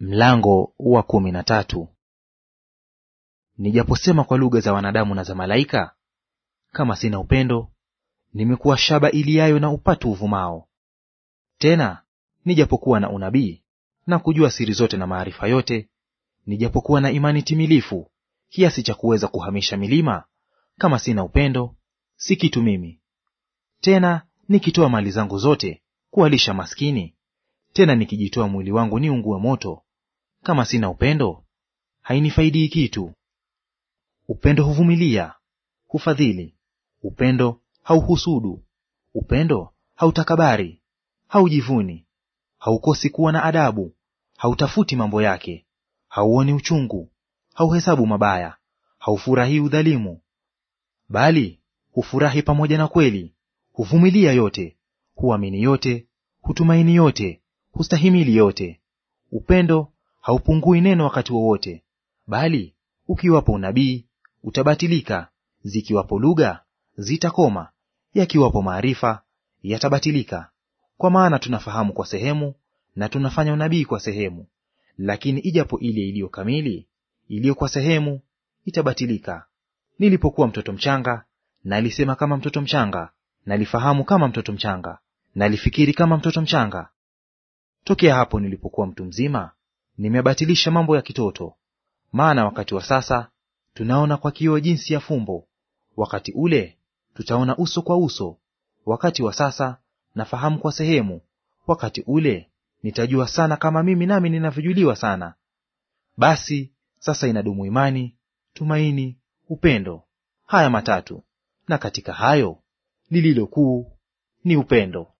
Mlango wa kumi na tatu. Nijaposema kwa lugha za wanadamu na za malaika, kama sina upendo, nimekuwa shaba iliayo na upatu uvumao. Tena nijapokuwa na unabii na kujua siri zote na maarifa yote, nijapokuwa na imani timilifu kiasi cha kuweza kuhamisha milima, kama sina upendo, si kitu mimi. Tena nikitoa mali zangu zote kuwalisha maskini, tena nikijitoa mwili wangu ni ungue moto, kama sina upendo hainifaidi kitu. Upendo huvumilia, hufadhili; upendo hauhusudu; upendo hautakabari, haujivuni, haukosi kuwa na adabu, hautafuti mambo yake, hauoni uchungu, hauhesabu mabaya, haufurahii udhalimu, bali hufurahi pamoja na kweli, huvumilia yote, huamini yote, hutumaini yote hustahimili yote. Upendo haupungui neno wakati wowote, bali ukiwapo unabii utabatilika, zikiwapo lugha zitakoma, yakiwapo maarifa yatabatilika. Kwa maana tunafahamu kwa sehemu na tunafanya unabii kwa sehemu, lakini ijapo ile iliyo kamili, iliyo kwa sehemu itabatilika. Nilipokuwa mtoto mchanga, nalisema kama mtoto mchanga, nalifahamu kama mtoto mchanga, nalifikiri kama mtoto mchanga, Tokea hapo nilipokuwa mtu mzima, nimebatilisha mambo ya kitoto. Maana wakati wa sasa tunaona kwa kioo jinsi ya fumbo, wakati ule tutaona uso kwa uso. Wakati wa sasa nafahamu kwa sehemu, wakati ule nitajua sana, kama mimi nami ninavyojuliwa sana. Basi sasa inadumu imani, tumaini, upendo, haya matatu; na katika hayo lililo kuu ni upendo.